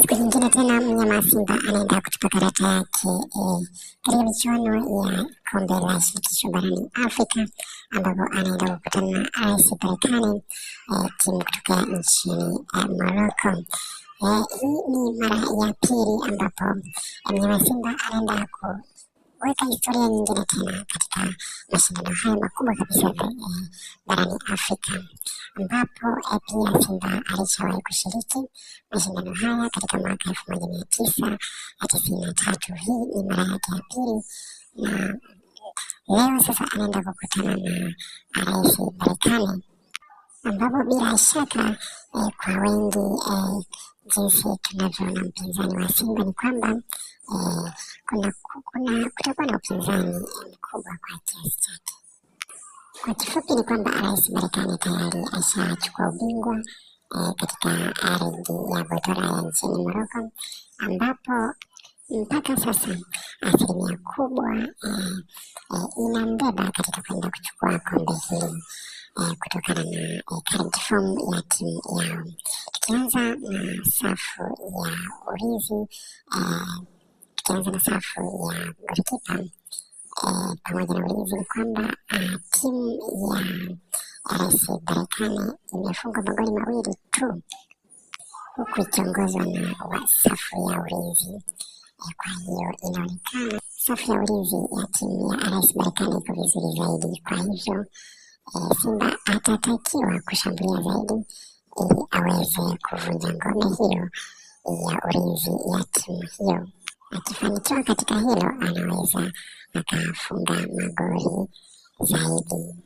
Siku nyingine tena mnyama Simba anaenda kutupa karata yake eh, katika michuano ya kombe la shirikisho barani Afrika ambapo anaenda kukutana na RS Berkane eh, timu kutoka nchini e, Morocco. hii ni mara ya pili ambapo mnyama Simba anaenda ku kuweka historia nyingine tena katika mashindano haya makubwa kabisa eh, barani Afrika, ambapo e, pia Simba alishawahi kushiriki mashindano haya katika mwaka elfu moja mia tisa tisini na tatu. Hii ni mara yake ya pili na leo sasa anaenda kukutana na rais Marekani ambapo bila shaka eh, kwa wengi jinsi tunavyoona mpinzani wa Simba ni kwamba eh, kuna, kuna kutakuwa na upinzani mkubwa kwa kiasi chake. Kwa kifupi ni kwamba rais Marekani tayari ashachukua ubingwa eh, katika ardhi ya Botola nchini Moroko ambapo mpaka sasa asilimia kubwa eh, eh, inambeba katika kwenda kuchukua kombe hili kutokana na current form ya timu yao tukianza na safu ya ulinzi eh, tukianza na safu ya golikipa eh, pamoja na ulinzi ni kwamba eh, timu ya Rais Berkane imefungwa magoli mawili tu huku ikiongozwa na safu ya ulinzi. Eh, kwa hiyo inaonekana safu ya ulinzi ya timu ya RS Berkane iko vizuri zaidi. Kwa hivyo eh, Simba atatakiwa kushambulia zaidi ili aweze kuvunja ngome hiyo ya ulinzi ya timu hiyo. Akifanikiwa katika hilo, anaweza akafunga magoli zaidi.